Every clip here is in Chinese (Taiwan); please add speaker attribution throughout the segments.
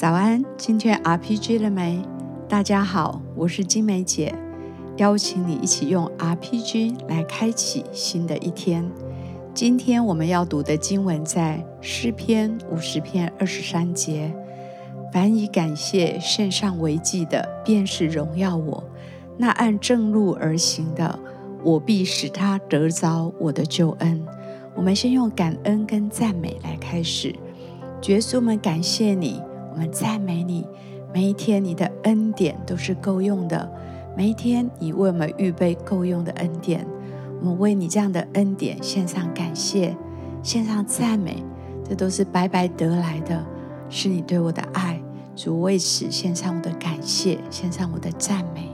Speaker 1: 早安，今天 RPG 了沒？大家好，我是晶玫姊，邀請你一起用 RPG 來開啟新的一天。今天我們要讀的經文在詩篇五十篇二十三節：凡以感謝獻上為祭的，便是榮耀我；那按正路而行的，我必使他得着我的救恩。我們先用感恩跟讚美來開始，絕穌們感謝你。我們讚美你，每一天你的恩典都是夠用的，每一天你為我們預備夠用的恩典。我們為你這樣的恩典獻上感謝，獻上讚美。這都是白白得來的，是你對我的愛。主為此獻上我的感
Speaker 2: 謝，獻上我的讚美。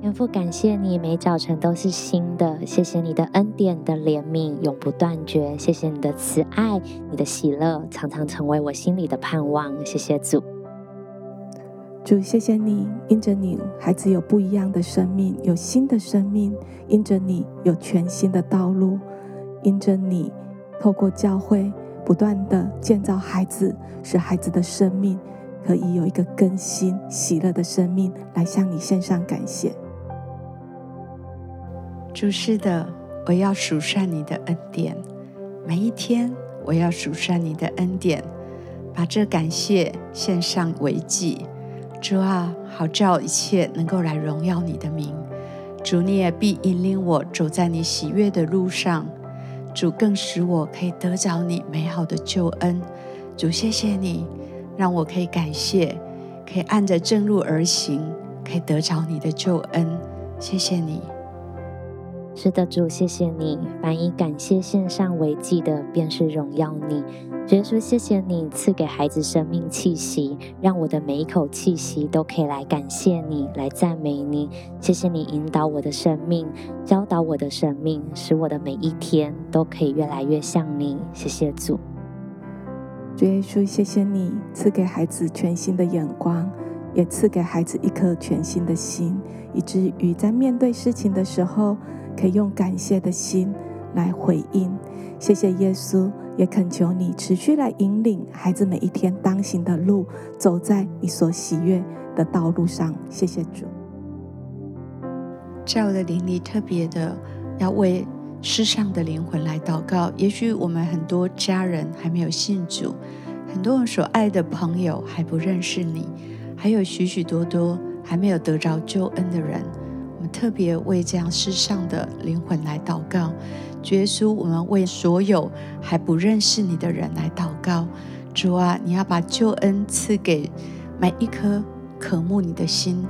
Speaker 2: 天父，感謝你，每早晨都是新的。謝謝你的恩典，你的憐憫，永不斷絕。謝謝你的慈愛，你的喜樂常常成為我心裡的盼望。謝謝主，
Speaker 3: 主，謝謝你，因着你，孩子有不一樣的生命，有新的生命。因着你，有全新的道路。因着你，透過教會不斷的建造孩子，使孩子的生命可以有一個更新、喜樂的生命，來向你獻上感謝。主，是的，我要數算你的恩典，每一天
Speaker 1: 我要數算你的恩典，把這感謝獻上為祭。主啊，好叫一切能夠來榮耀你的名。主，你也必引領我走在你喜悅的路上。主，更使我可以得着你美好的救恩。主，謝謝你讓我可以感謝，可以
Speaker 2: 按着正路而行，可以得着你的救恩。謝謝你。是的，主謝謝你。凡以感謝獻上為祭的，便是榮耀你。主耶穌，謝謝你賜給孩子生命氣息，讓我的每一口氣息都可以來感謝你，來讚美你。謝謝你引導我的生命，教導我的生命，使我的每一天都可以越來越像你。謝謝主。
Speaker 3: 主耶穌，謝謝你賜給孩子全新的眼光，也賜給孩子一顆全新的心，以至於在面對事情的時候，可以用感謝的心來回應，謝謝耶穌，也懇求你持續來引領孩子每一天當行的路，走在你所喜悅的道路上。謝謝主，在我的靈裡特
Speaker 1: 別的要為世上的靈魂來禱告。也許我們很多家人還沒有信主，很多我所愛的朋友還不認識你，還有許許多多還沒有得着救恩的人。我們特別為這樣世上的靈魂來禱告，主耶穌，我們為所有還不認識你的人來禱告。主啊，你要把救恩賜給每一顆渴慕你的心。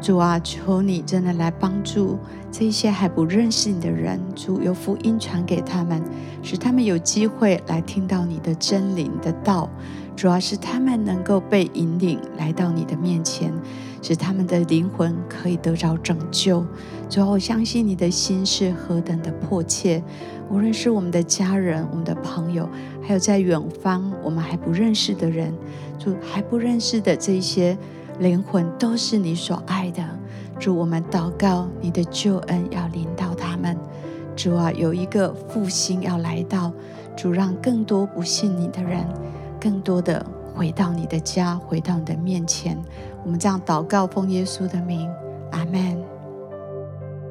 Speaker 1: 主啊，求你真的來幫助這些還不認識你的人。主，有福音傳給他們，使他們有機會來聽到你的真理的道，主要、啊、是他們能夠被引領來到你的面前，使他們的靈魂可以得着拯救。主，我相信你的心是何等的迫切。無論是我們的家人、我們的朋友，還有在遠方我們還不認識的人，主，還不認識的這些靈魂，都是你所愛的。主，我們禱告，你的救恩要臨到他們。主啊，有一個復興要來到。主，讓更多不信你的人，更多的。回到你的家，回到你的面前，
Speaker 2: 我們這樣禱告，奉耶穌的名，阿門。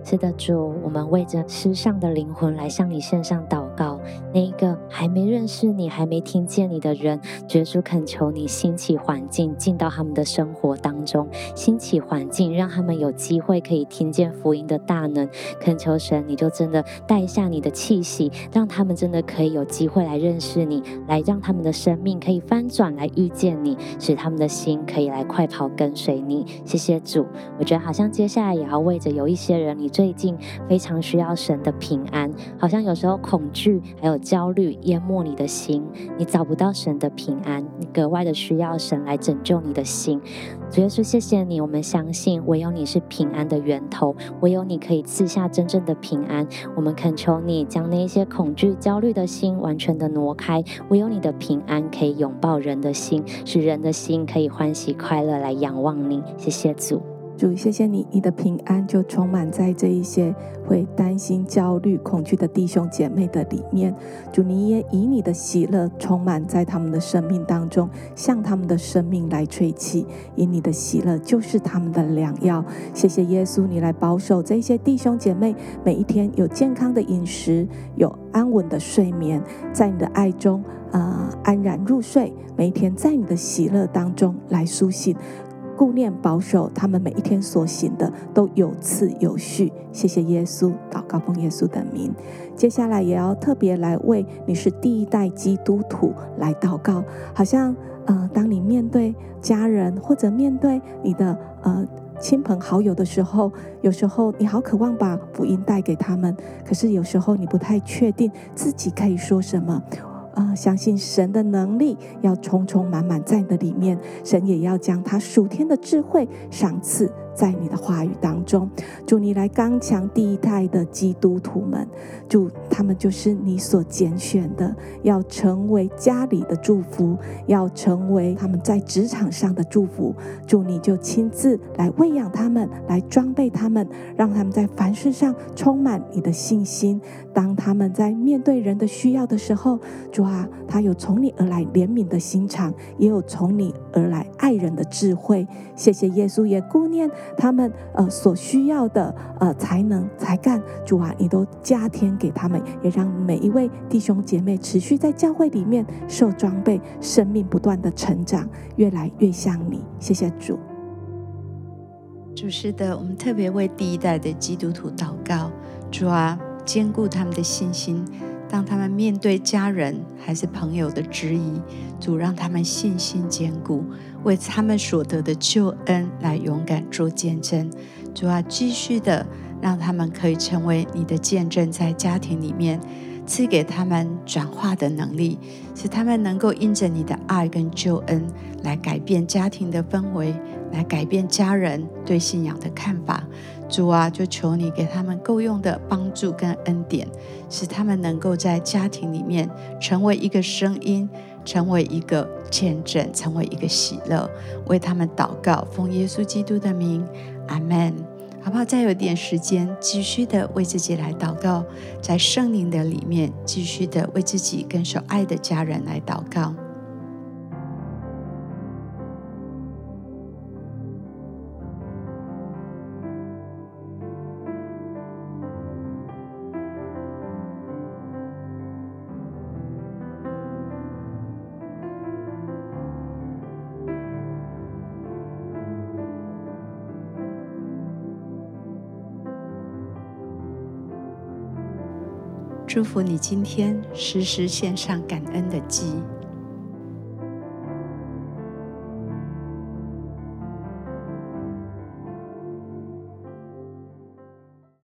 Speaker 2: 是的，主，我們為着失喪的靈魂來向你獻上禱告。那一個還沒認識你、還沒聽見你的人，主，主懇求你興起環境，進到他們的生活當中，興起環境，讓他們有機會可以聽見福音的大能。懇求神，你就真的帶一下你的氣息，讓他們真的可以有機會來認識你，來讓他們的生命可以翻轉，來遇見你，使他們的心可以來快跑跟隨你。謝謝主，我覺得好像接下來也要為着有一些人，你。最近非常需要神的平安，好像有時候恐懼還有焦慮淹沒你的心，你找不到神的平安，你格外的需要神來拯救你的心。主耶穌，謝謝你，我們相信唯有你是平安的源頭，唯有你可以賜下真正的平安。我們懇求你將那些恐懼、焦慮的心完全的挪開，唯有你的平安可以擁抱人的心，使人的心可以歡喜快樂來仰望你。謝謝主。
Speaker 3: 主，謝謝你，你的平安就充滿在這一些會擔心、焦慮、恐懼的弟兄姐妹的裡面。主，你也以你的喜樂充滿在他們的生命當中，向他們的生命來吹氣，以你的喜樂就是他們的良藥。謝謝耶穌，你來保守這些弟兄姐妹，每一天有健康的飲食，有安穩的睡眠，在你的愛中啊，呃，安然入睡，每一天在你的喜樂當中來甦醒。顧念保守他們每一天所行的都有次有序，謝謝耶穌，禱告奉耶穌的名。接下來也要特別來為你是第一代基督徒來禱告，好像呃，當你面對家人或者面對你的呃親朋好友的時候，有時候你好渴望把福音帶給他們，可是有時候你不太確定自己可以說什麼。啊、哦，相信神的能力，要充充滿滿在你的裡面，神也要將他屬天的智慧賞賜，在你的話語當中，祝你來剛強第一代的基督徒們，祝他們就是你所揀選的，要成為家裡的祝福，要成為他們在職場上的祝福。祝你就親自來餵養他們，來裝備他們，讓他們在凡事上充滿你的信心。當他們在面對人的需要的時候，主啊，他有從你而來憐憫的心腸，也有從你而來愛人的智慧。謝謝耶穌，也顧念。他們呃所需要的呃才能才幹，主啊，你都加添給他們，也讓每一位弟兄姐妹持續在教會裡面受裝備，生命不斷地成長，越來越像你。謝謝主。
Speaker 1: 主是的，我們特別為第一代的基督徒禱告，主啊，堅固他們的信心。當他們面對家人還是朋友的質疑，主讓他們信心堅固，為他們所得的救恩來勇敢做見證。主要繼續的讓他們可以成為你的見證，在家庭裡面賜給他們轉化的能力，使他們能夠因着你的愛跟救恩來改變家庭的氛圍，來改變家人對信仰的看法。主啊，就求你給他們夠用的幫助跟恩典，使他們能夠在家庭裡面成為一個聲音，成為一個見證，成為一個喜樂。為他們禱告，奉耶穌基督的名，阿門。好不好？再有點時間，繼續的為自己來禱告，在聖靈的裡面繼續的為自己跟所愛的家人來禱告。祝福你今天時時獻上感恩的祭。